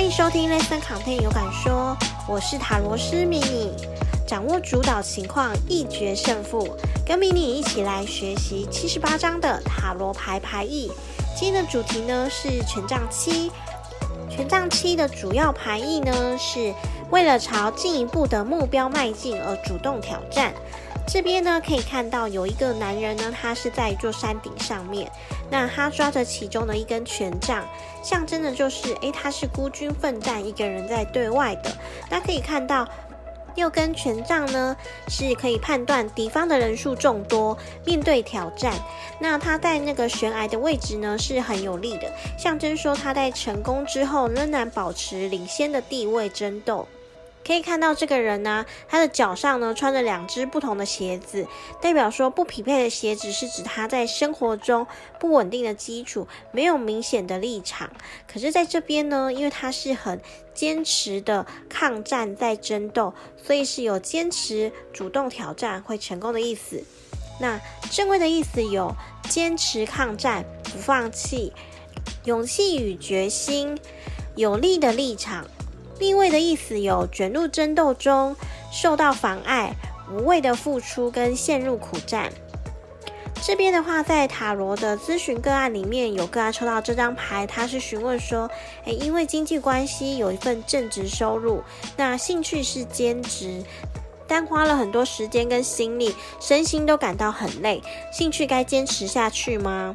歡迎收聽《Listen Content 有感說》，我是塔羅師迷你，掌握主導情況，一決勝負。跟迷你一起來學習七十八張的塔羅牌牌意。今天的主題呢是權杖七，權杖七的主要牌意呢是為了朝進一步的目標邁進而主動挑戰。這邊呢，可以看到有一個男人呢，他是在一座山頂上面，那他抓着其中的一根權杖，象徵的就是，誒、欸，他是孤軍奮戰，一個人在對外的。那可以看到，六根權杖呢，是可以判斷敵方的人數眾多，面對挑戰。那他在那個懸崖的位置呢，是很有利的，象徵說他在成功之後，仍然保持領先的地位爭鬥。可以看到這個人呢、啊，他的腳上呢穿着兩隻不同的鞋子，代表說不匹配的鞋子是指他在生活中不穩定的基礎，沒有明顯的立場。可是在這邊呢，因為他是很堅持的抗戰在爭鬥，所以是有堅持主動挑戰會成功的意思。那正位的意思有堅持抗戰不放棄、，勇氣與決心，有力的立場。逆位的意思有捲入爭鬥中、受到妨礙、無謂的付出跟陷入苦戰。這邊的話，在塔羅的諮詢個案裡面，有個案抽到這張牌，他是詢問說：誒、欸，因為經濟關係有一份正職收入，那興趣是兼職，但花了很多時間跟心力，身心都感到很累，興趣該堅持下去嗎？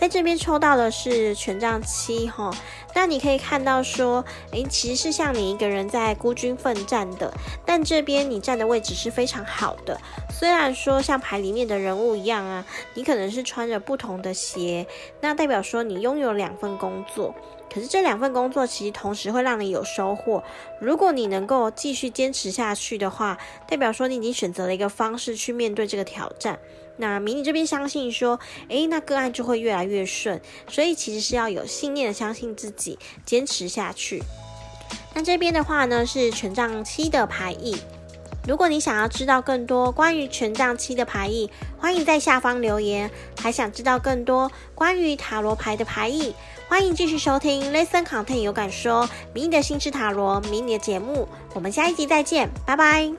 在這邊抽到的是權杖七齁，那你可以看到說，誒、欸，其實是像你一個人在孤軍奮戰的，但這邊你站的位置是非常好的，雖然說像牌裡面的人物一樣啊，你可能是穿着不同的鞋，那代表說你擁有兩份工作。可是這兩份工作其實同時會讓你有收穫。如果你能夠繼續堅持下去的話，代表說你已經選擇了一個方式去面對這個挑戰。那迷你這邊相信說，誒，那個案就會越來越順。所以其實是要有信念的相信自己，堅持下去。那這邊的話呢是權杖七的牌意。如果你想要知道更多關於權杖七的牌意，歡迎在下方留言。還想知道更多關於塔羅牌的牌意，歡迎繼續收聽《Listen Content 有感說迷你的星之塔羅迷你》的節目，我們下一集再見，拜拜。